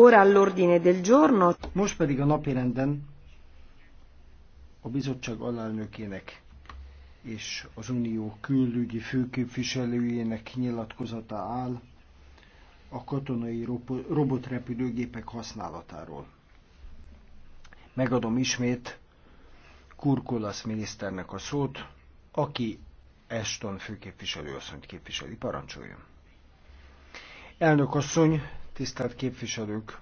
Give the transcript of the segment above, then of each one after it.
Ora all'ordine del giorno. Most pedig a napi renden, a bizottság alelnökének és az Unió külügyi főképviselőjének nyilatkozata áll a katonai robotrepülőgépek használatáról. Megadom ismét Kurkulasz miniszternek a szót, aki Eston főképviselőasszonyt képviseli. Parancsoljon! Elnök asszony, tisztelt képviselők!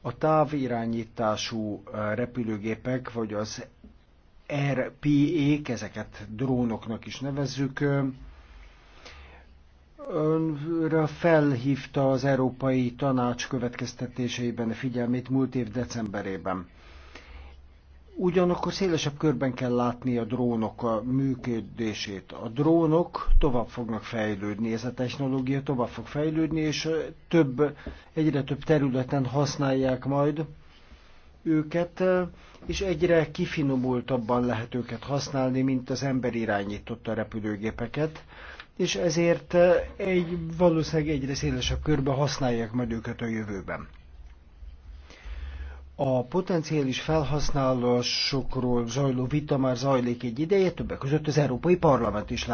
A távirányítású eh, repülőgépek, vagy az RPE-k, ezeket drónoknak is nevezzük, eh, Önre felhívta az Európai Tanács következtetéseiben a figyelmét múlt év decemberében. Ugyanakkor szélesebb körben kell látni a drónok a működését. A drónok tovább fognak fejlődni, ez a technológia tovább fog fejlődni, és több, egyre több területen használják majd őket, és egyre kifinomultabban lehet őket használni, mint az ember irányította repülőgépeket, és ezért egy, valószínűleg egyre szélesebb körben használják majd őket a jövőben. A potenciális felhasználásokról zajló vita már zajlik egy ideje, többek között az Európai Parlament is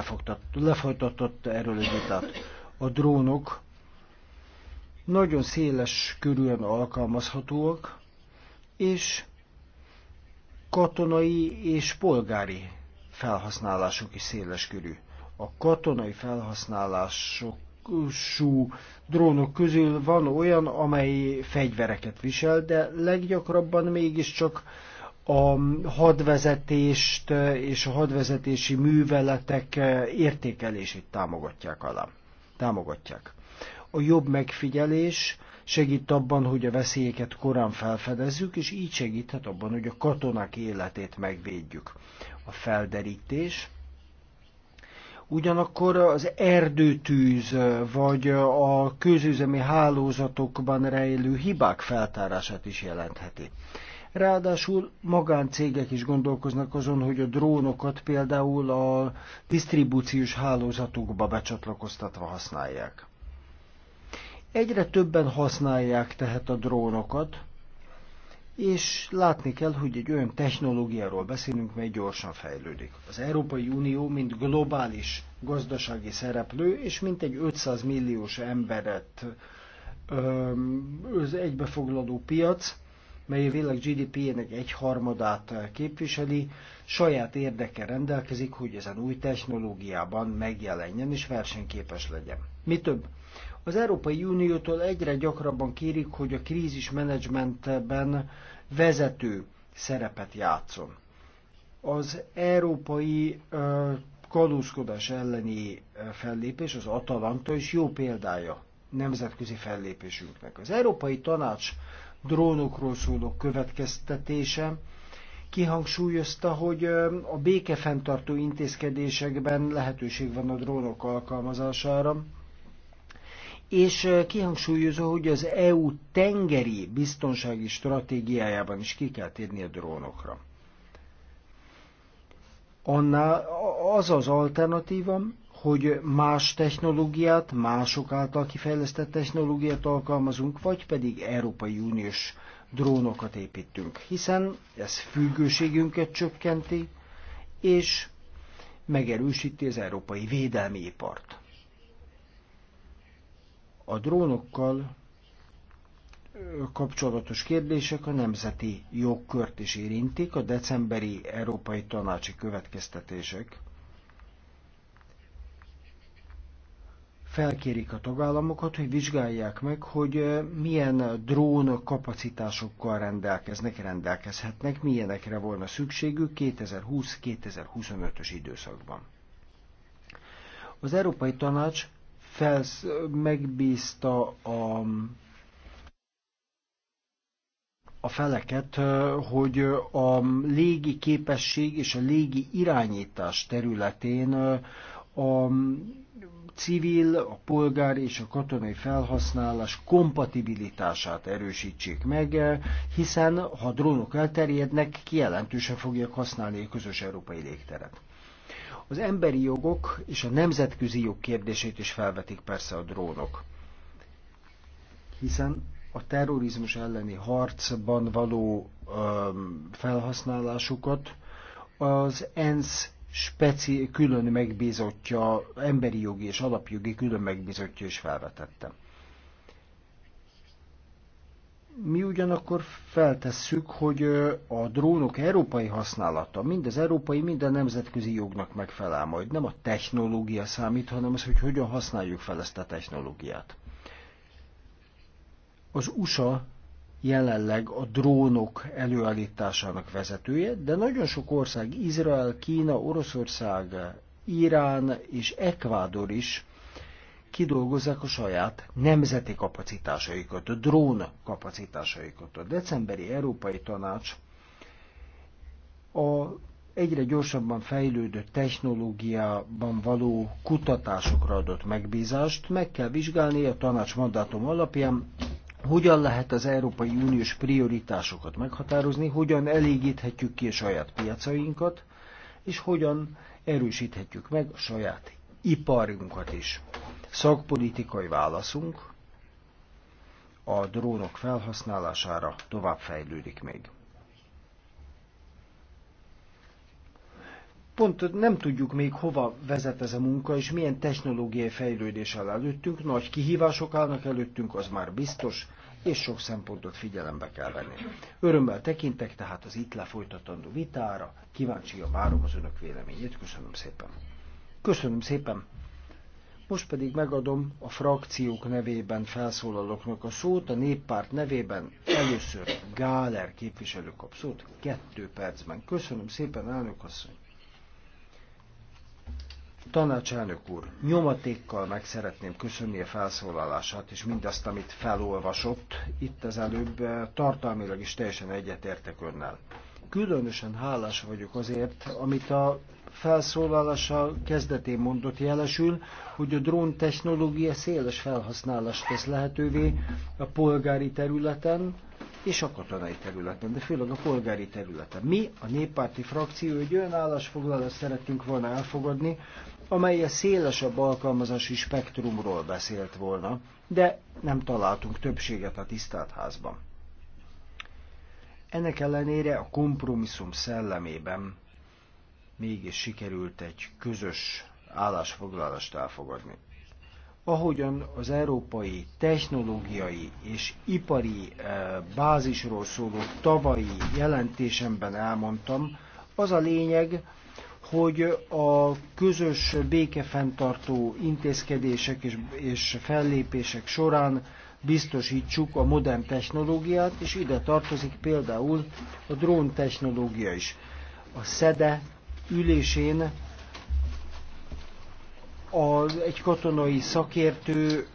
lefolytatott erről egy vitát. A drónok nagyon széles körűen alkalmazhatóak, és katonai és polgári felhasználások is széles körű. A katonai felhasználások típusú drónok közül van olyan, amely fegyvereket visel, de leggyakrabban mégiscsak a hadvezetést és a hadvezetési műveletek értékelését támogatják alá. Támogatják. A jobb megfigyelés segít abban, hogy a veszélyeket korán felfedezzük, és így segíthet abban, hogy a katonák életét megvédjük. A felderítés Ugyanakkor az erdőtűz eh, vagy eh, a közüzemi hálózatokban rejlő hibák feltárását is jelentheti. Ráadásul magáncégek is gondolkoznak azon, hogy a drónokat például a disztribúciós hálózatukba becsatlakoztatva használják. Egyre többen használják tehát a drónokat, és látni kell, hogy egy olyan technológiáról beszélünk, mely gyorsan fejlődik. Az Európai Unió, mint globális gazdasági szereplő, és mint egy 500 milliós emberet az egybefoglaló piac, mely a világ GDP-jének egy harmadát képviseli, saját érdeke rendelkezik, hogy ezen új technológiában megjelenjen és versenyképes legyen. Mi több, az Európai Uniótól egyre gyakrabban kérik, hogy a krízismenedzsmentben vezető szerepet játszon. Az európai kalózkodás elleni fellépés, az Atalanta is jó példája nemzetközi fellépésünknek. Az Európai Tanács drónokról szóló következtetése kihangsúlyozta, hogy a békefenntartó intézkedésekben lehetőség van a drónok alkalmazására, és kihangsúlyozó, hogy az EU tengeri biztonsági stratégiájában is ki kell térni a drónokra. Annál az az alternatíva, hogy más technológiát, mások által kifejlesztett technológiát alkalmazunk, vagy pedig Európai Uniós drónokat építünk, hiszen ez függőségünket csökkenti, és megerősíti az európai védelmi ipart. A drónokkal kapcsolatos kérdések a nemzeti jogkört is érintik, a decemberi Európai Tanácsi következtetések felkérik a tagállamokat, hogy vizsgálják meg, hogy milyen drón kapacitásokkal rendelkeznek, rendelkezhetnek, milyenekre volna szükségük 2020-2025-ös időszakban. Az Európai Tanács felsz, megbízta a, a feleket, hogy a légi képesség és a légi irányítás területén a civil, a polgár és a katonai felhasználás kompatibilitását erősítsék meg, hiszen ha drónok elterjednek, ki jelentősen fogják használni a közös európai légteret. Az emberi jogok és a nemzetközi jog kérdését is felvetik persze a drónok. Hiszen a terrorizmus elleni harcban való öm, felhasználásukat az ENSZ speci- külön megbízottja, emberi jogi és alapjogi külön megbízottja is felvetette mi ugyanakkor feltesszük, hogy a drónok európai használata mind az európai, mind a nemzetközi jognak megfelel majd. Nem a technológia számít, hanem az, hogy hogyan használjuk fel ezt a technológiát. Az USA jelenleg a drónok előállításának vezetője, de nagyon sok ország, Izrael, Kína, Oroszország, Irán és Ekvádor is kidolgozzák a saját nemzeti kapacitásaikat, a drón kapacitásaikat. A decemberi Európai Tanács a egyre gyorsabban fejlődő technológiában való kutatásokra adott megbízást, meg kell vizsgálni a tanács mandátum alapján, hogyan lehet az Európai Uniós prioritásokat meghatározni, hogyan elégíthetjük ki a saját piacainkat, és hogyan erősíthetjük meg a saját iparunkat is szakpolitikai válaszunk a drónok felhasználására tovább fejlődik még. Pont nem tudjuk még hova vezet ez a munka, és milyen technológiai fejlődés áll előttünk, nagy kihívások állnak előttünk, az már biztos, és sok szempontot figyelembe kell venni. Örömmel tekintek tehát az itt lefolytatandó vitára, a várom az önök véleményét, köszönöm szépen. Köszönöm szépen! Most pedig megadom a frakciók nevében felszólalóknak a szót, a néppárt nevében először Gáler képviselő kap szót, kettő percben. Köszönöm szépen, elnök asszony! Tanácselnök úr, nyomatékkal meg szeretném köszönni a felszólalását, és mindazt, amit felolvasott itt az előbb, tartalmilag is teljesen egyetértek önnel. Különösen hálás vagyok azért, amit a felszólalása kezdetén mondott jelesül, hogy a drón technológia széles felhasználást tesz lehetővé a polgári területen és a katonai területen, de főleg a polgári területen. Mi, a néppárti frakció egy olyan állásfoglalást szerettünk volna elfogadni, amely a szélesebb alkalmazási spektrumról beszélt volna, de nem találtunk többséget a tisztelt házban. Ennek ellenére a kompromisszum szellemében mégis sikerült egy közös állásfoglalást elfogadni. Ahogyan az európai technológiai és ipari eh, bázisról szóló tavalyi jelentésemben elmondtam, az a lényeg, hogy a közös békefenntartó intézkedések és, és fellépések során biztosítsuk a modern technológiát, és ide tartozik például a drón technológia is. A SZEDE ülésén az, egy katonai szakértő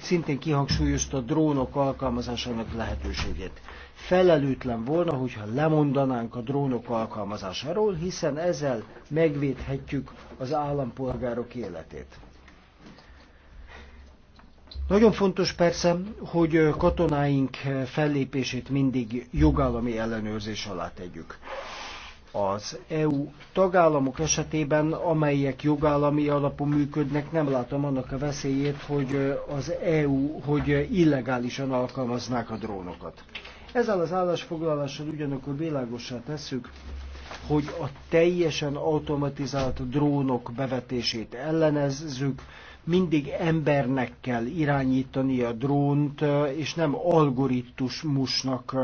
szintén kihangsúlyozta a drónok alkalmazásának lehetőségét. Felelőtlen volna, hogyha lemondanánk a drónok alkalmazásáról, hiszen ezzel megvédhetjük az állampolgárok életét. Nagyon fontos persze, hogy katonáink fellépését mindig jogállami ellenőrzés alá tegyük az EU tagállamok esetében, amelyek jogállami alapon működnek, nem látom annak a veszélyét, hogy az EU, hogy illegálisan alkalmaznák a drónokat. Ezzel az állásfoglalással ugyanakkor világosá tesszük, hogy a teljesen automatizált drónok bevetését ellenezzük, mindig embernek kell irányítani a drónt, és nem algoritmusnak.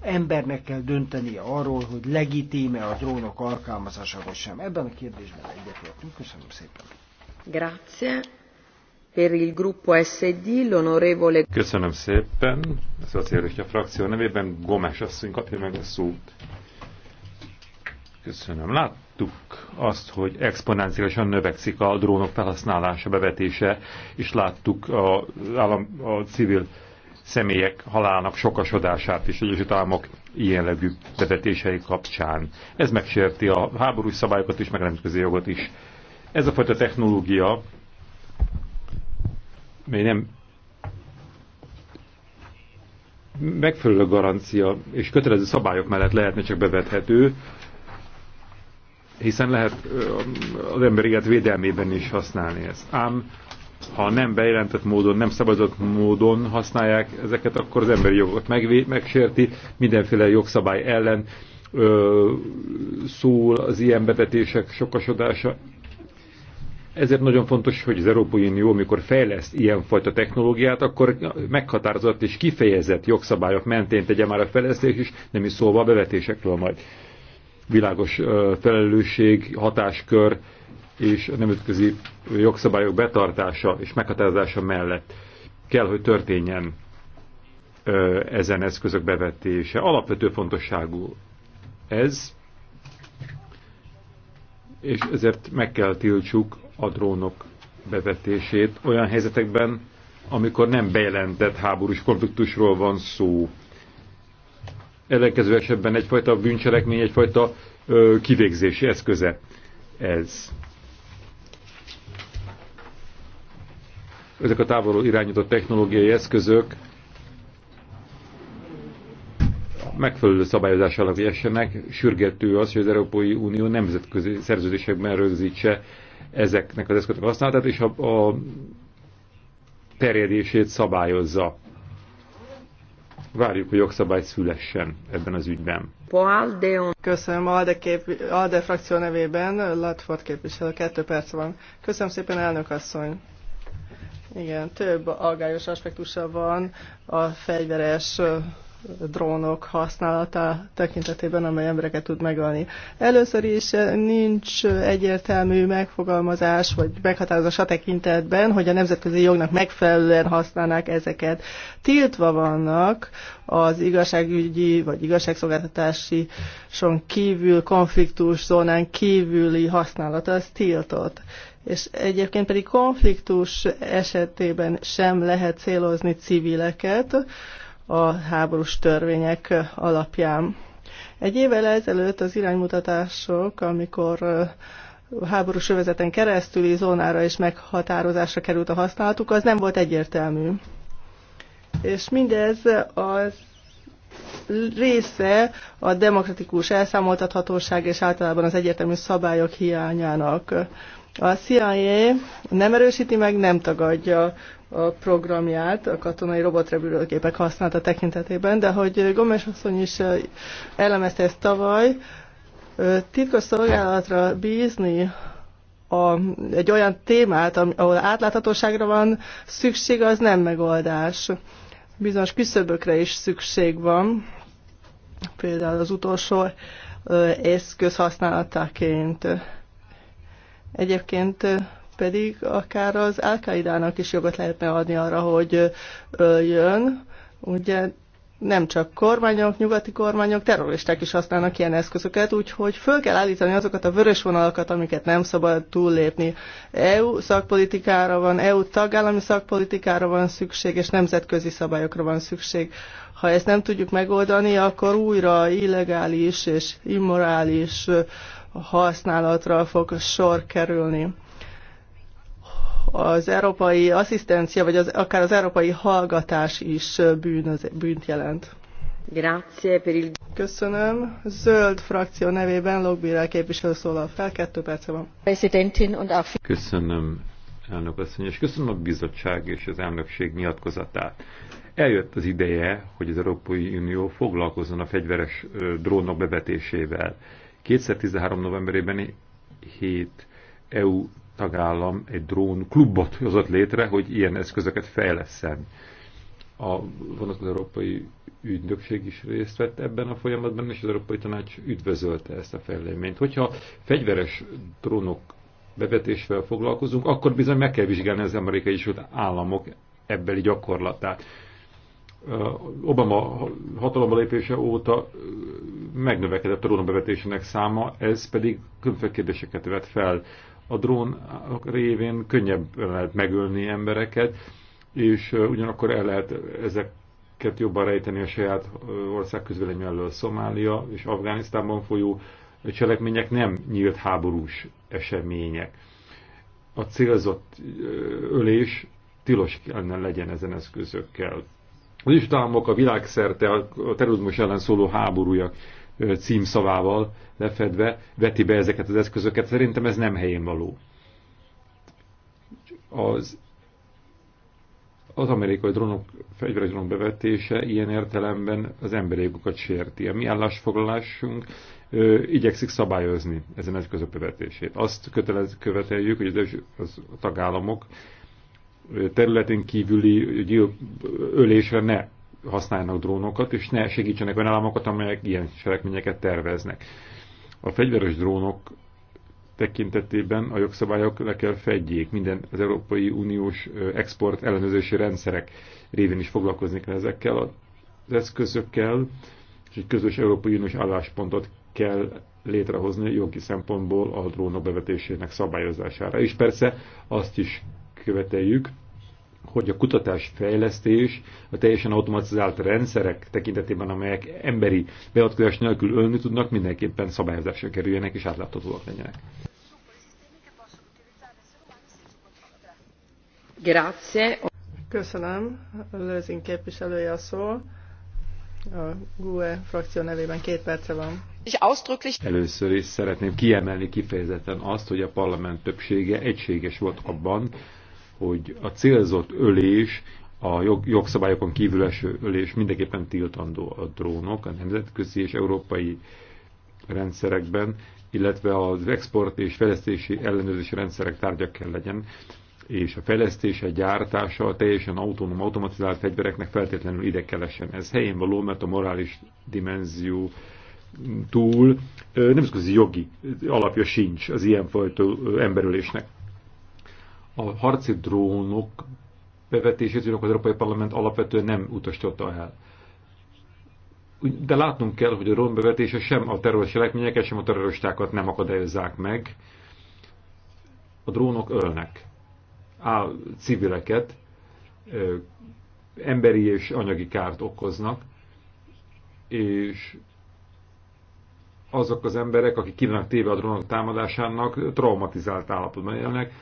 Embernek kell dönteni arról, hogy legitíme a drónok alkalmazása vagy sem. Ebben a kérdésben egyetértünk. Köszönöm szépen. Grazie. Per il gruppo SD, l'onorevole... Köszönöm szépen. Ez a célja frakció nevében Gomes asszony kapja meg a szót. Köszönöm. Lát, láttuk azt, hogy exponenciálisan növekszik a drónok felhasználása, bevetése, és láttuk a, állam, a civil személyek halálának sokasodását is Egyesült Államok ilyenlegű bevetései kapcsán. Ez megsérti a háborús szabályokat is, meg nemzetközi jogot is. Ez a fajta technológia még nem megfelelő garancia és kötelező szabályok mellett lehetne csak bevethető, hiszen lehet az ember élet védelmében is használni ezt. Ám ha nem bejelentett módon, nem szabadott módon használják ezeket, akkor az emberi jogot megsérti, mindenféle jogszabály ellen ö, szól az ilyen bevetések sokasodása. Ezért nagyon fontos, hogy az Európai Unió, amikor fejleszt ilyenfajta technológiát, akkor meghatározott és kifejezett jogszabályok mentén tegye már a fejlesztés is, nem is szóval a bevetésekről majd világos felelősség, hatáskör és a nemzetközi jogszabályok betartása és meghatározása mellett kell, hogy történjen ezen eszközök bevetése. Alapvető fontosságú ez, és ezért meg kell tiltsuk a drónok bevetését olyan helyzetekben, amikor nem bejelentett háborús konfliktusról van szó ellenkező esetben egyfajta bűncselekmény, egyfajta ö, kivégzési eszköze ez. Ezek a távolról irányított technológiai eszközök megfelelő szabályozás alapjessenek, sürgető az, hogy az Európai Unió nemzetközi szerződésekben rögzítse ezeknek az eszközök használatát, és a, a terjedését szabályozza. Várjuk, hogy jogszabály szülessen ebben az ügyben. Köszönöm ALDE, kép, ALDE frakció nevében, Latford képviselő, kettő perc van. Köszönöm szépen, elnök asszony. Igen, több aggályos aspektusa van a fegyveres drónok használata tekintetében, amely embereket tud megölni. Először is nincs egyértelmű megfogalmazás vagy meghatározás a tekintetben, hogy a nemzetközi jognak megfelelően használnák ezeket. Tiltva vannak az igazságügyi vagy igazságszolgáltatási son kívül, konfliktus zónán kívüli használata, az tiltott és egyébként pedig konfliktus esetében sem lehet célozni civileket, a háborús törvények alapján. Egy évvel ezelőtt az iránymutatások, amikor háborús övezeten keresztüli zónára és meghatározásra került a használatuk, az nem volt egyértelmű. És mindez az része a demokratikus elszámoltathatóság és általában az egyértelmű szabályok hiányának. A CIA nem erősíti meg, nem tagadja a programját a katonai robotrepülőgépek használata tekintetében, de hogy Gomes asszony is elemezte ezt tavaly, titkos szolgálatra bízni a, egy olyan témát, ahol átláthatóságra van szükség, az nem megoldás. Bizonyos küszöbökre is szükség van, például az utolsó eszköz használataként. Egyébként pedig akár az al is jogot lehetne adni arra, hogy öljön. Ugye nem csak kormányok, nyugati kormányok, terroristák is használnak ilyen eszközöket, úgyhogy föl kell állítani azokat a vörös vonalakat, amiket nem szabad túllépni. EU szakpolitikára van, EU tagállami szakpolitikára van szükség, és nemzetközi szabályokra van szükség. Ha ezt nem tudjuk megoldani, akkor újra illegális és immorális használatra fog sor kerülni az európai asszisztencia, vagy az, akár az európai hallgatás is bűnöz, bűnt jelent. Grazie per il... Köszönöm. Zöld frakció nevében Logbirel képviselő szólal fel. Kettő perce van. Köszönöm, elnök asszony, és köszönöm a bizottság és az elnökség nyilatkozatát. Eljött az ideje, hogy az Európai Unió foglalkozzon a fegyveres drónok bevetésével. 2013. novemberében 7 EU tagállam egy drón klubot hozott létre, hogy ilyen eszközöket fejleszen. A az Európai Ügynökség is részt vett ebben a folyamatban, és az Európai Tanács üdvözölte ezt a fejleményt. Hogyha fegyveres drónok bevetésvel foglalkozunk, akkor bizony meg kell vizsgálni az amerikai Egyesült Államok ebbeli gyakorlatát. Obama hatalomba lépése óta megnövekedett a drónbevetésének száma, ez pedig különböző kérdéseket vet fel a drón révén könnyebb lehet megölni embereket, és ugyanakkor el lehet ezeket jobban rejteni a saját ország közvélemény mellől Szomália és Afganisztánban folyó cselekmények nem nyílt háborús események. A célzott ölés tilos kellene legyen ezen eszközökkel. Az islámok a világszerte a terrorizmus ellen szóló háborújak címszavával lefedve veti be ezeket az eszközöket. Szerintem ez nem helyén való. Az, az amerikai drónok, fegyveres drónok bevetése ilyen értelemben az emberi jogokat sérti. A mi állásfoglalásunk ö, igyekszik szabályozni ezen eszközök bevetését. Azt kötelez, követeljük, hogy az, az a tagállamok területén kívüli gyil, ölésre ne használnak drónokat, és ne segítsenek olyan államokat, amelyek ilyen cselekményeket terveznek. A fegyveres drónok tekintetében a jogszabályok le kell fedjék, minden az Európai Uniós export ellenőrzési rendszerek révén is foglalkozni kell ezekkel az eszközökkel, és egy közös Európai Uniós álláspontot kell létrehozni jogi szempontból a drónok bevetésének szabályozására. És persze azt is követeljük, hogy a kutatás fejlesztés, a teljesen automatizált rendszerek tekintetében, amelyek emberi beavatkozás nélkül ölni tudnak, mindenképpen szabályozásra kerüljenek és átláthatóak legyenek. Grazie. Köszönöm. Lőzin képviselője a szó. A GUE frakció nevében két perce van. Először is szeretném kiemelni kifejezetten azt, hogy a parlament többsége egységes volt abban, hogy a célzott ölés, a jog, jogszabályokon kívül eső ölés mindenképpen tiltandó a drónok a nemzetközi és európai rendszerekben, illetve az export és fejlesztési ellenőrzési rendszerek tárgya kell legyen, és a fejlesztése, gyártása a teljesen autonóm, automatizált fegyvereknek feltétlenül ide kell essen. Ez helyén való, mert a morális dimenzió túl nemzetközi jogi alapja sincs az ilyenfajta emberülésnek a harci drónok bevetését az Európai Parlament alapvetően nem utasította el. De látnunk kell, hogy a drón bevetése sem a terrorista cselekményeket, sem a terroristákat nem akadályozzák meg. A drónok ölnek a civileket, emberi és anyagi kárt okoznak, és azok az emberek, akik kívánnak téve a drónok támadásának, traumatizált állapotban élnek,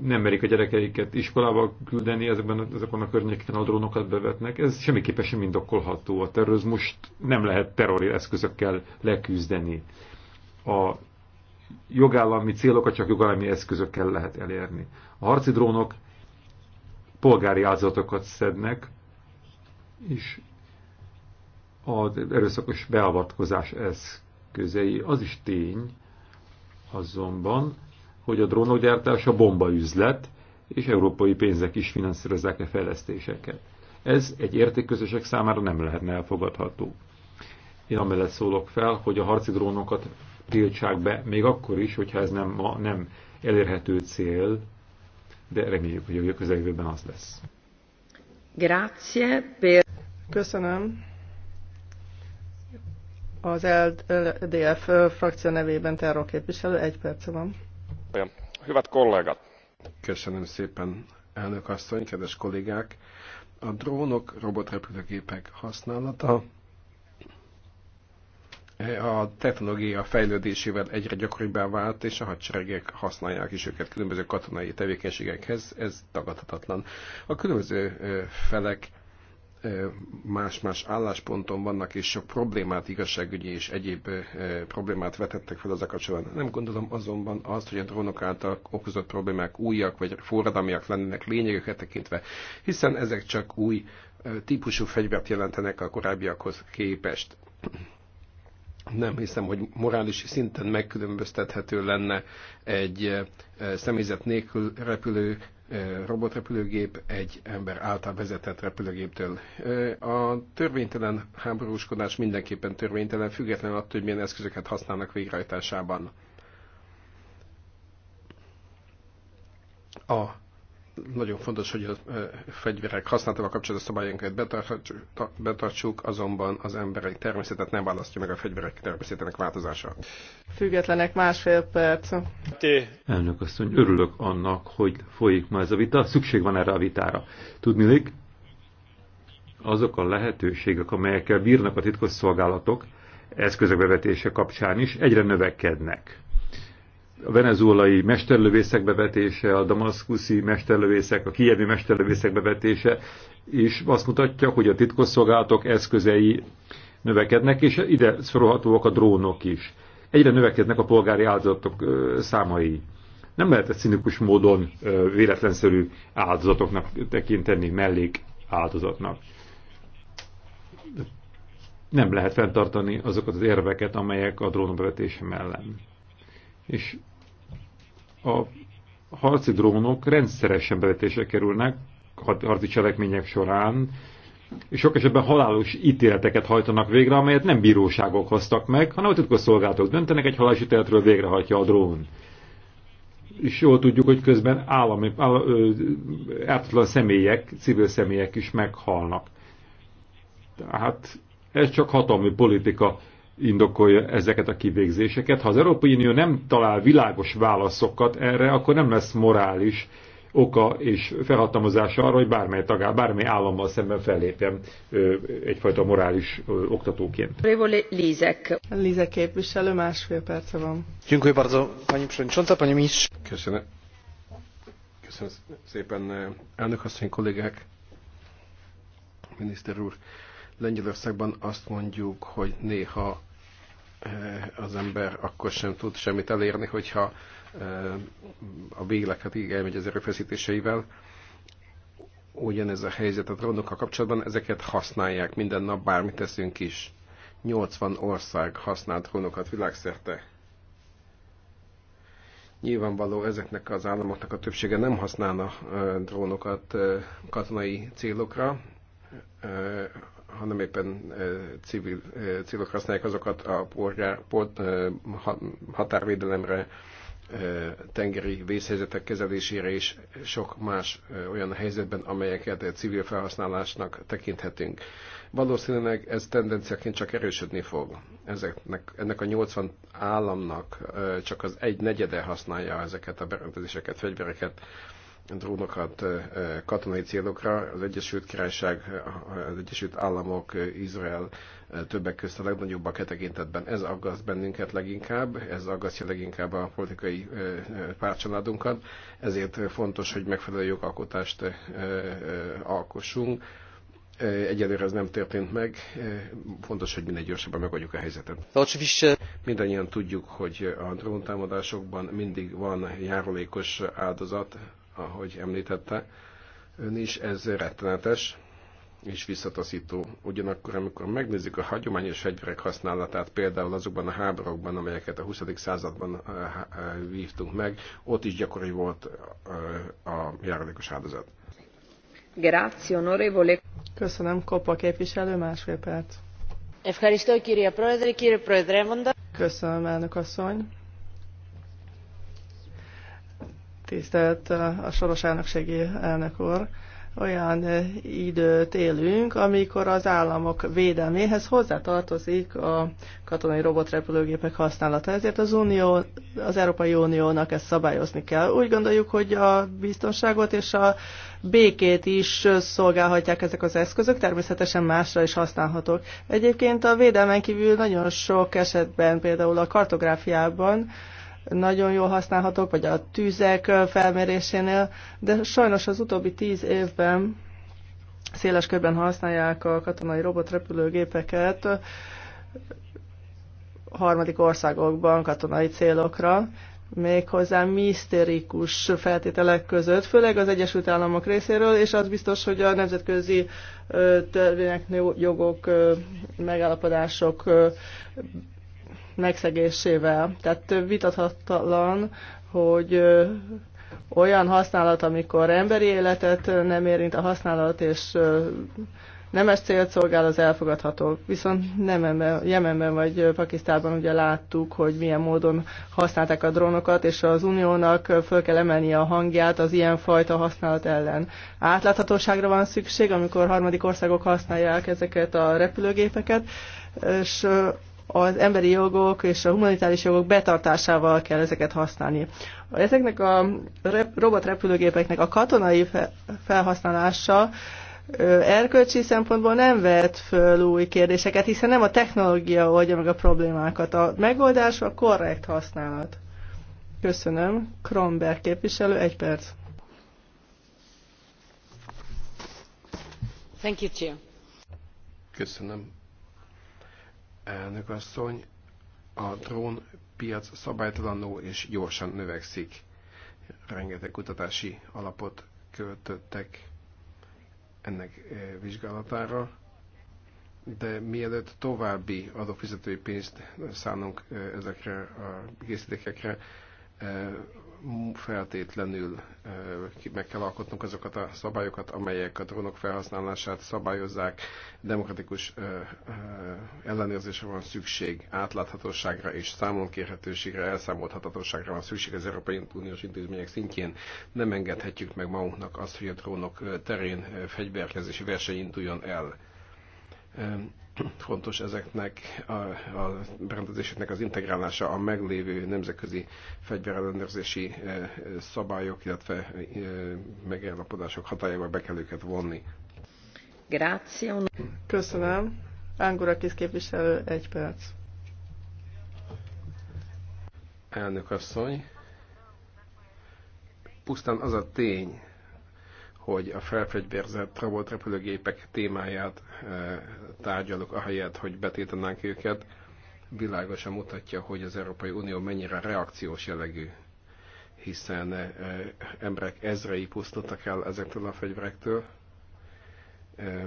nem merik a gyerekeiket iskolába küldeni, ezekben, ezekben a környéken a drónokat bevetnek. Ez semmiképpen sem indokolható. A terrorizmust nem lehet terrori eszközökkel leküzdeni. A jogállami célokat csak jogállami eszközökkel lehet elérni. A harci drónok polgári áldozatokat szednek, és az erőszakos beavatkozás eszközei. Az is tény, azonban, hogy a drónok gyártása bombaüzlet, és európai pénzek is finanszírozzák a e fejlesztéseket. Ez egy értékközösek számára nem lehetne elfogadható. Én amellett szólok fel, hogy a harci drónokat tiltsák be, még akkor is, hogyha ez nem, ma nem elérhető cél, de reméljük, hogy a közeljövőben az lesz. Grazie per... Köszönöm. Az LDF frakció nevében terrorképviselő, egy perc van. Hyvät kollégat! Köszönöm szépen, elnök asszony, kedves kollégák! A drónok, robotrepülőgépek használata a technológia fejlődésével egyre gyakoribbá vált, és a hadseregek használják is őket különböző katonai tevékenységekhez, ez tagadhatatlan. A különböző felek más-más állásponton vannak, és sok problémát, igazságügyi és egyéb problémát vetettek fel a kapcsolatban. Nem gondolom azonban azt, hogy a drónok által okozott problémák újak vagy forradalmiak lennének lényegeket tekintve, hiszen ezek csak új típusú fegyvert jelentenek a korábbiakhoz képest. Nem hiszem, hogy morális szinten megkülönböztethető lenne egy személyzet nélkül repülő robotrepülőgép egy ember által vezetett repülőgéptől. A törvénytelen háborúskodás mindenképpen törvénytelen, független attól, hogy milyen eszközöket használnak végrehajtásában. A nagyon fontos, hogy a e, fegyverek használatával kapcsolatos szabályunkat betartsuk, azonban az emberek természetet nem választja meg a fegyverek természetének változása. Függetlenek másfél perc. Té. Elnök asszony, örülök annak, hogy folyik ma ez a vita. Szükség van erre a vitára. Tudnilik, azok a lehetőségek, amelyekkel bírnak a titkosszolgálatok eszközök bevetése kapcsán is, egyre növekednek a venezuelai mesterlövészek bevetése, a damaszkuszi mesterlövészek, a kievi mesterlövészek bevetése is azt mutatja, hogy a titkosszolgálatok eszközei növekednek, és ide szorolhatóak a drónok is. Egyre növekednek a polgári áldozatok számai. Nem lehet ezt színikus módon véletlenszerű áldozatoknak tekinteni, mellék áldozatnak. Nem lehet fenntartani azokat az érveket, amelyek a drónbevetése mellett. és a harci drónok rendszeresen bevetésre kerülnek harci cselekmények során, és sok esetben halálos ítéleteket hajtanak végre, amelyet nem bíróságok hoztak meg, hanem a titkosszolgálatok döntenek, egy halálos ítéletről végrehajtja a drón. És jól tudjuk, hogy közben állami, áll, ártatlan személyek, civil személyek is meghalnak. Tehát ez csak hatalmi politika indokolja ezeket a kivégzéseket. Ha az Európai Unió nem talál világos válaszokat erre, akkor nem lesz morális oka és felhatalmazása arra, hogy bármely tagá, bármely állammal szemben fellépjem egyfajta morális ö, oktatóként. Lizek. Lizek képviselő, másfél perce van. Dziękuję bardzo, pani przewodnicząca, pani mistrz. Köszönöm. Köszönöm szépen, elnök asszony kollégák, miniszter úr. Lengyelországban azt mondjuk, hogy néha eh, az ember akkor sem tud semmit elérni, hogyha eh, a végletekig elmegy az erőfeszítéseivel. Ugyanez a helyzet a drónokkal kapcsolatban, ezeket használják minden nap, bármit teszünk is. 80 ország használ drónokat világszerte. Nyilvánvaló ezeknek az államoknak a többsége nem használna eh, drónokat katonai célokra, hanem éppen eh, civil, eh, civilok használják azokat a polgár, eh, határvédelemre, tengeri vészhelyzetek kezelésére és sok más olyan helyzetben, amelyeket civil felhasználásnak tekinthetünk. Valószínűleg ez tendenciaként csak erősödni fog. Ezeknek, ennek a 80 államnak csak az egy negyede használja ezeket a berendezéseket, fegyvereket, drónokat katonai célokra. Az Egyesült Királyság, az Egyesült Államok, Izrael többek közt a legnagyobbak e tekintetben. Ez aggaszt bennünket leginkább, ez aggasztja leginkább a politikai pártcsaládunkat, ezért fontos, hogy megfelelő jogalkotást alkossunk. Egyelőre ez nem történt meg, fontos, hogy minél gyorsabban megoldjuk a helyzetet. Mindannyian tudjuk, hogy a dróntámadásokban mindig van járulékos áldozat, ahogy említette ön is, ez rettenetes és visszataszító. Ugyanakkor, amikor megnézzük a hagyományos fegyverek használatát, például azokban a háborúkban, amelyeket a 20. században eh, eh, vívtunk meg, ott is gyakori volt eh, a járulékos áldozat. Grazie, onorevole. Köszönöm, Kopa képviselő, másfél perc. Köszönöm, elnök asszony. tisztelt a soros elnökségi elnök úr, olyan időt élünk, amikor az államok védelméhez hozzátartozik a katonai robotrepülőgépek használata. Ezért az, Unió, az Európai Uniónak ezt szabályozni kell. Úgy gondoljuk, hogy a biztonságot és a békét is szolgálhatják ezek az eszközök, természetesen másra is használhatók. Egyébként a védelmen kívül nagyon sok esetben, például a kartográfiában, nagyon jól használhatók, vagy a tűzek felmérésénél, de sajnos az utóbbi tíz évben széles körben használják a katonai robotrepülőgépeket harmadik országokban katonai célokra, méghozzá miszterikus feltételek között, főleg az Egyesült Államok részéről, és az biztos, hogy a nemzetközi törvények, jogok, megállapodások megszegésével. Tehát több vitathatatlan, hogy olyan használat, amikor emberi életet nem érint a használat, és nemes célt szolgál, az elfogadható. Viszont Nemenben, Jemenben vagy Pakisztánban ugye láttuk, hogy milyen módon használták a drónokat, és az uniónak föl kell emelni a hangját az ilyen fajta használat ellen. Átláthatóságra van szükség, amikor harmadik országok használják ezeket a repülőgépeket, és az emberi jogok és a humanitárius jogok betartásával kell ezeket használni. Ezeknek a robotrepülőgépeknek a katonai felhasználása erkölcsi szempontból nem vet föl új kérdéseket, hiszen nem a technológia oldja meg a problémákat. A megoldás a korrekt használat. Köszönöm. Kromberg képviselő, egy perc. Thank you, Köszönöm, Elnök asszony, a drón piac szabálytalanul és gyorsan növekszik. Rengeteg kutatási alapot költöttek ennek eh, vizsgálatára, de mielőtt további adófizetői pénzt szánunk eh, ezekre a készítékekre, eh, feltétlenül meg kell alkotnunk azokat a szabályokat, amelyek a drónok felhasználását szabályozzák, demokratikus ellenőrzésre van szükség, átláthatóságra és számon kérhetőségre, elszámolhatatóságra van szükség az Európai Uniós intézmények szintjén. Nem engedhetjük meg magunknak azt, hogy a drónok terén fegyverkezési verseny induljon el fontos ezeknek a, a berendezéseknek az integrálása a meglévő nemzetközi fegyverellenőrzési e, e, szabályok, illetve e, megállapodások hatájába be kell őket vonni. Grazie. Köszönöm. kis képviselő, egy perc. Elnök asszony, pusztán az a tény, hogy a felfegyverzett robot repülőgépek témáját eh, tárgyalok, ahelyett, hogy betiltanánk őket, világosan mutatja, hogy az Európai Unió mennyire reakciós jellegű, hiszen eh, emberek ezrei pusztultak el ezektől a fegyverektől, eh,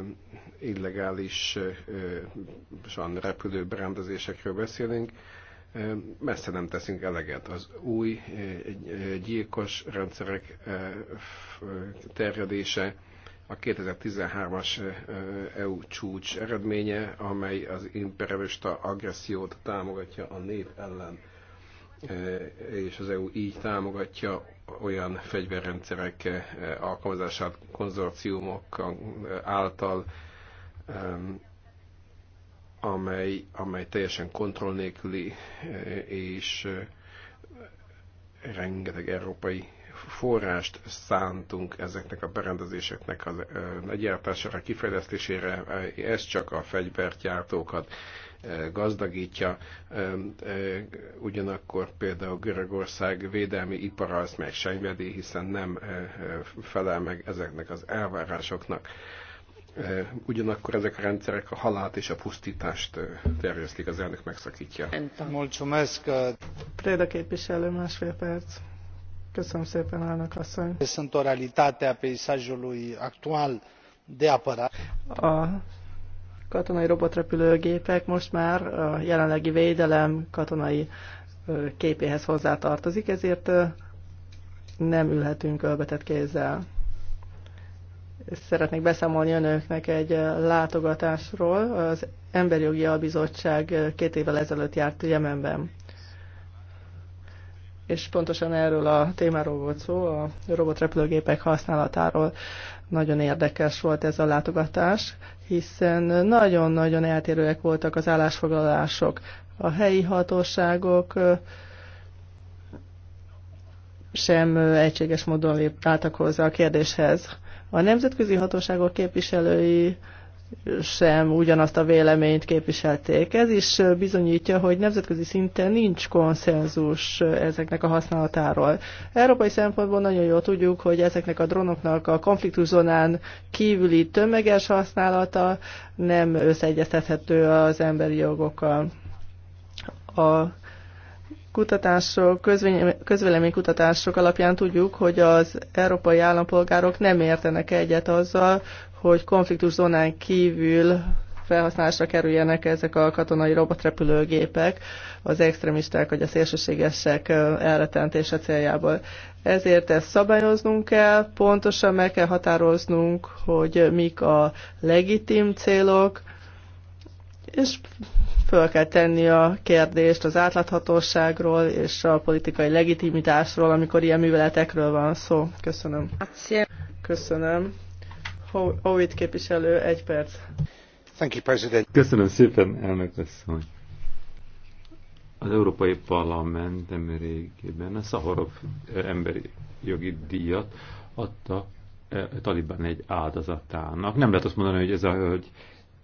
illegálisan repülő berendezésekről beszélünk, messze nem teszünk eleget. Az új gyilkos rendszerek terjedése, a 2013-as EU csúcs eredménye, amely az imperialista agressziót támogatja a nép ellen, és az EU így támogatja olyan fegyverrendszerek alkalmazását konzorciumok által, amely, amely teljesen kontroll nélküli, eh, és eh, rengeteg európai forrást szántunk ezeknek a berendezéseknek az legyártására, eh, kifejlesztésére, ez csak a fegyvergyártókat gazdagítja. Ugyanakkor például Görögország védelmi ipara azt meg hiszen nem felel meg ezeknek az elvárásoknak. Ugyanakkor ezek a rendszerek a halált és a pusztítást terjesztik, az elnök megszakítja. Préda képviselő, másfél perc. Köszönöm szépen, elnök asszony. A a peisajului de apărare. A katonai robotrepülőgépek most már a jelenlegi védelem katonai képéhez hozzátartozik, ezért nem ülhetünk ölbetett kézzel szeretnék beszámolni önöknek egy eh, látogatásról. Az Emberi Jogi Albizottság eh, két évvel ezelőtt járt Jemenben. És pontosan erről a témáról volt szó, a robotrepülőgépek használatáról. Nagyon érdekes volt ez a látogatás, hiszen nagyon-nagyon eltérőek voltak az állásfoglalások. A helyi hatóságok eh, sem egységes módon álltak hozzá a kérdéshez a nemzetközi hatóságok képviselői sem ugyanazt a véleményt képviselték. Ez is bizonyítja, hogy nemzetközi szinten nincs konszenzus ezeknek a használatáról. Európai szempontból nagyon jól tudjuk, hogy ezeknek a drónoknak a konfliktuszonán kívüli tömeges használata nem összeegyeztethető az emberi jogokkal. A kutatások, közvélemény közvéleménykutatások alapján tudjuk, hogy az európai állampolgárok nem értenek egyet azzal, hogy zónán kívül felhasználásra kerüljenek ezek a katonai robotrepülőgépek az extremisták vagy a szélsőségesek elretentése céljából. Ezért ezt szabályoznunk kell, pontosan meg kell határoznunk, hogy mik a legitim célok, és föl kell tenni a kérdést az átláthatóságról és a politikai legitimitásról, amikor ilyen műveletekről van szó. Köszönöm. Köszönöm. Howitt képviselő, egy perc. Thank you, President. Köszönöm szépen, elnök asszony. Az Európai Parlament nemrégében a Szahorov emberi jogi díjat adta eh, Taliban egy áldozatának. Nem lehet azt mondani, hogy ez a hölgy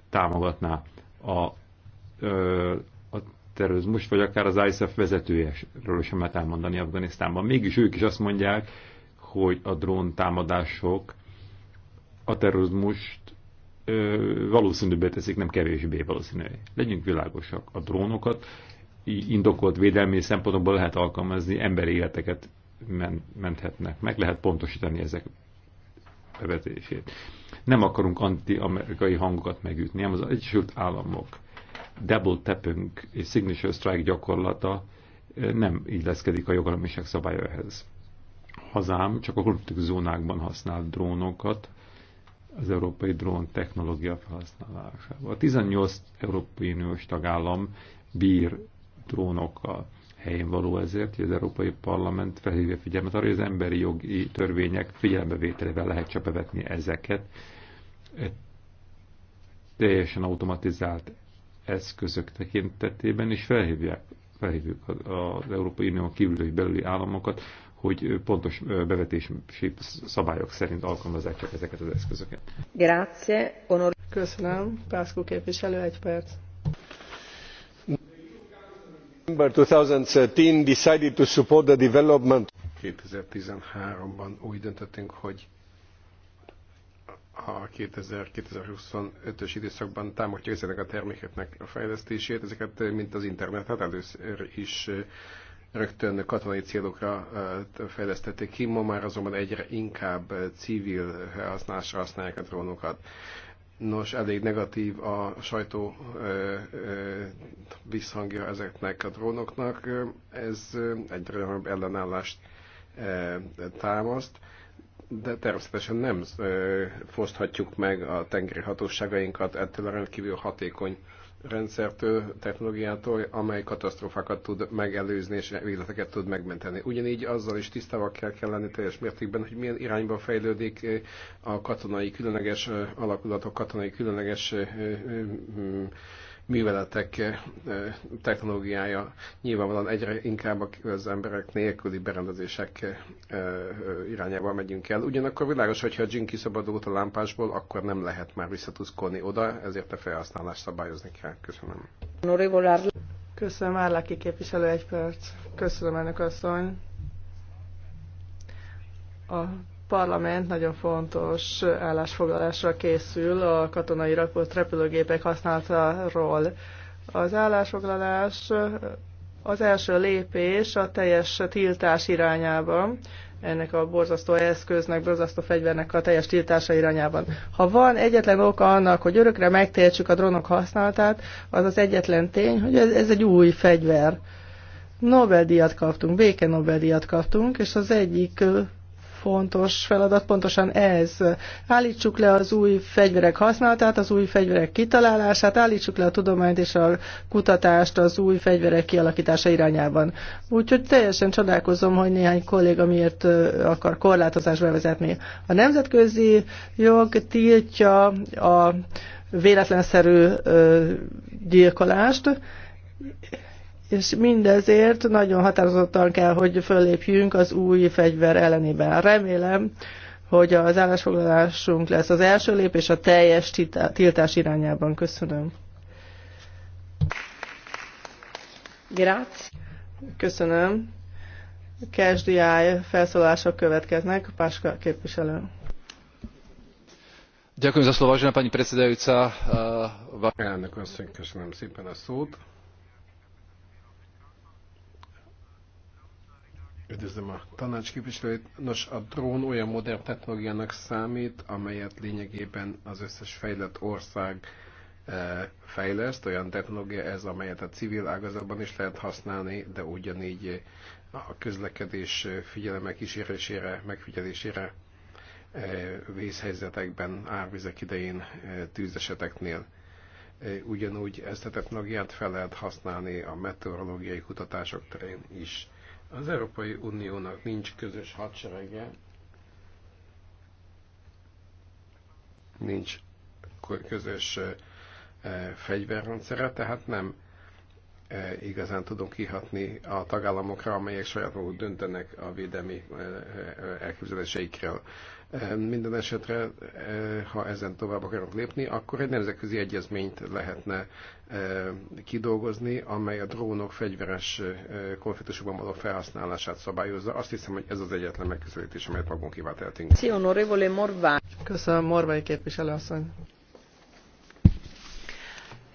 támogatná a, a terrorizmus, vagy akár az ISAF vezetőjéről sem lehet elmondani Afganisztánban. Mégis ők is azt mondják, hogy a drón támadások a terrorizmust ö, valószínűbbé teszik, nem kevésbé valószínű. Legyünk világosak, a drónokat indokolt védelmi szempontokból lehet alkalmazni, emberi életeket menthetnek meg, lehet pontosítani ezek bevetését. Nem akarunk anti-amerikai hangokat megütni, hanem az Egyesült Államok double tapping és signature strike gyakorlata eh, nem illeszkedik a jogalamiság szabályaihoz. Hazám csak a konfliktus zónákban használt drónokat, az európai drón technológia felhasználásával. A 18 Európai Uniós tagállam bír drónokkal helyén való ezért, hogy az Európai Parlament felhívja figyelmet arra, hogy az emberi jogi törvények figyelembevételével lehet csak bevetni ezeket. teljesen automatizált eszközök tekintetében is felhívják, felhívjuk az Európai Unió kívül és belüli államokat, hogy pontos bevetési szabályok szerint alkalmazzák csak ezeket az eszközöket. Grazie, honor. Köszönöm. Pászkó képviselő, egy perc december two thousand and thirteen decided to support the development. two thousand and thirteen ban úgy döntöttünk hogy a 2025 ös időszakban támogatjuk ezeknek a termékeknek a fejlesztését, ezeket mint az internetet hát először is rögtön katonai célokra fejlesztették ki, ma már azonban egyre inkább civil használásra használják a drónokat. Nos, elég negatív a sajtó visszhangja ezeknek a drónoknak. Ez egyre nagyobb ellenállást támaszt, de természetesen nem foszthatjuk meg a tengeri hatóságainkat ettől a rendkívül hatékony rendszertől, technológiától, amely katasztrófákat tud megelőzni és életeket tud megmenteni. Ugyanígy azzal is tisztával kell, kell lenni teljes mértékben, hogy milyen irányba fejlődik a katonai különleges alakulatok, katonai különleges műveletek eh, technológiája nyilvánvalóan egyre inkább az emberek nélküli berendezések eh, eh, irányába megyünk el. Ugyanakkor világos, hogyha a gin kiszabadult a lámpásból, akkor nem lehet már visszatuszkolni oda, ezért a felhasználást szabályozni kell. Köszönöm. Köszönöm, Árláki képviselő egy perc. Köszönöm, elnök asszony. A parlament nagyon fontos állásfoglalásra készül a katonai rakott repülőgépek használatáról. Az állásfoglalás az első lépés a teljes tiltás irányába, ennek a borzasztó eszköznek, borzasztó fegyvernek a teljes tiltása irányában. Ha van egyetlen oka annak, hogy örökre megtértsük a drónok használatát, az az egyetlen tény, hogy ez, ez egy új fegyver. Nobel-díjat kaptunk, béke Nobel-díjat kaptunk, és az egyik fontos feladat pontosan ez. Állítsuk le az új fegyverek használatát, az új fegyverek kitalálását, állítsuk le a tudományt és a kutatást az új fegyverek kialakítása irányában. Úgyhogy teljesen csodálkozom, hogy néhány kolléga miért akar korlátozást bevezetni. A nemzetközi jog tiltja a véletlenszerű gyilkolást, és mindezért nagyon határozottan kell, hogy föllépjünk az új fegyver ellenében. Remélem, hogy az állásfoglalásunk lesz az első lépés a teljes tiltás irányában. Köszönöm. Köszönöm. KSDI felszólások következnek. Páska képviselő. Ďakujem za slovo, vážená pani predsedajúca. Elnök asszony, köszönöm szépen a szót. Üdvözlöm a tanács képviselőit. Nos, a drón olyan modern technológiának számít, amelyet lényegében az összes fejlett ország eh, fejleszt. Olyan technológia ez, amelyet a civil ágazatban is lehet használni, de ugyanígy a közlekedés figyelemek kísérésére, megfigyelésére eh, vészhelyzetekben, árvizek idején, eh, tűzeseteknél. Ugyanúgy ezt a technológiát fel lehet használni a meteorológiai kutatások terén is az Európai Uniónak nincs közös hadserege, nincs közös fegyverrendszere, tehát nem igazán tudunk kihatni a tagállamokra, amelyek saját maguk döntenek a védelmi elképzeléseikről. Minden esetre, eh, ha ezen tovább akarunk lépni, akkor egy nemzetközi egyezményt lehetne eh, kidolgozni, amely a drónok fegyveres eh, konfliktusokban való felhasználását szabályozza. Azt hiszem, hogy ez az egyetlen megközelítés, amelyet magunk kiváltáltunk. Köszönöm, Morvai képviselőasszony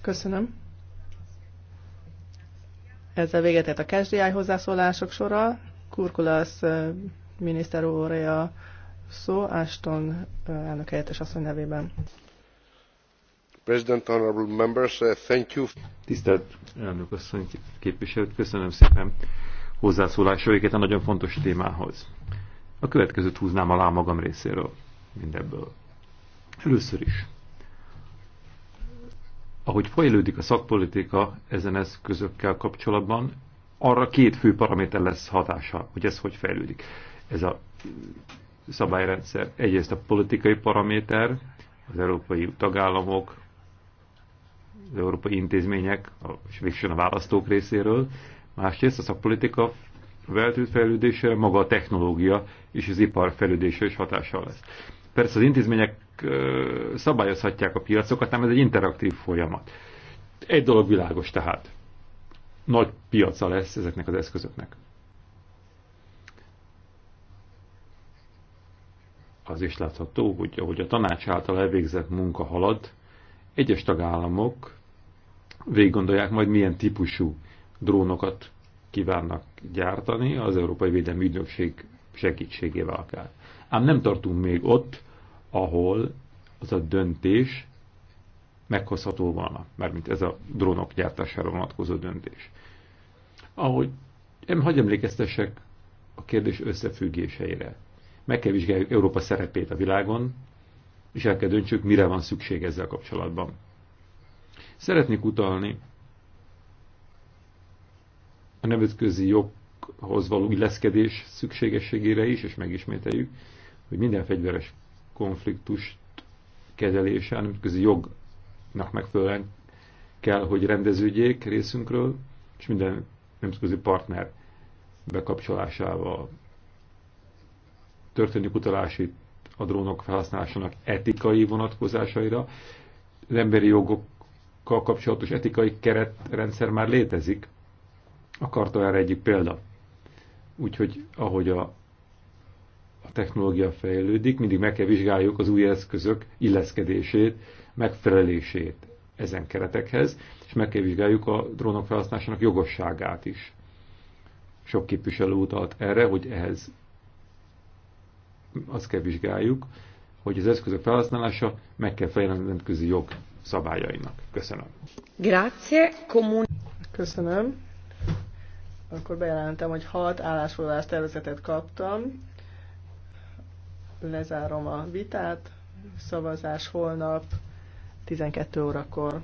Köszönöm. Ezzel véget ért a KSDI hozzászólások sora. Kurkulasz miniszter úrja szó, Ashton elnök helyettes asszony nevében. President, honorable members, uh, thank you. Tisztelt elnök asszony képviselőt, köszönöm szépen hozzászólásaikat a nagyon fontos témához. A következőt húznám alá magam részéről mindebből. Először is ahogy fejlődik a szakpolitika ezen eszközökkel kapcsolatban, arra két fő paraméter lesz hatása, hogy ez hogy fejlődik. Ez a szabályrendszer egyrészt a politikai paraméter, az európai tagállamok, az európai intézmények, és végsősorban a választók részéről, másrészt a szakpolitika feltűnt fejlődése, maga a technológia és az ipar fejlődése is hatással lesz. Persze az intézmények szabályozhatják a piacokat, nem ez egy interaktív folyamat. Egy dolog világos tehát. Nagy piaca lesz ezeknek az eszközöknek. Az is látható, hogy ahogy a tanács által elvégzett munka halad, egyes tagállamok gondolják majd, milyen típusú drónokat kívánnak gyártani az Európai Védelmi Ügynökség segítségével akár. Ám nem tartunk még ott, ahol az a döntés meghozható volna, mármint ez a drónok gyártására vonatkozó döntés. Ahogy em, hagyj emlékeztessek a kérdés összefüggéseire. Meg kell vizsgáljuk Európa szerepét a világon, és el kell döntsük, mire van szükség ezzel kapcsolatban. Szeretnék utalni a nemzetközi joghoz való illeszkedés szükségességére is, és megismételjük, hogy minden fegyveres konfliktust kezelése, hanem közi jognak megfelelően kell, hogy rendeződjék részünkről, és minden nemzetközi partner bekapcsolásával történik utalás itt a drónok felhasználásának etikai vonatkozásaira. Az emberi jogokkal kapcsolatos etikai keretrendszer már létezik. A karta erre egyik példa. Úgyhogy ahogy a technológia fejlődik, mindig meg kell vizsgáljuk az új eszközök illeszkedését, megfelelését ezen keretekhez, és meg kell vizsgáljuk a drónok felhasználásának jogosságát is. Sok képviselő utalt erre, hogy ehhez azt kell vizsgáljuk, hogy az eszközök felhasználása meg kell felelni a nemzetközi jog szabályainak. Köszönöm. Grazie, comun... Köszönöm. Akkor bejelentem, hogy hat állásfoglalás tervezetet kaptam. Lezárom a vitát. Szavazás holnap 12 órakor.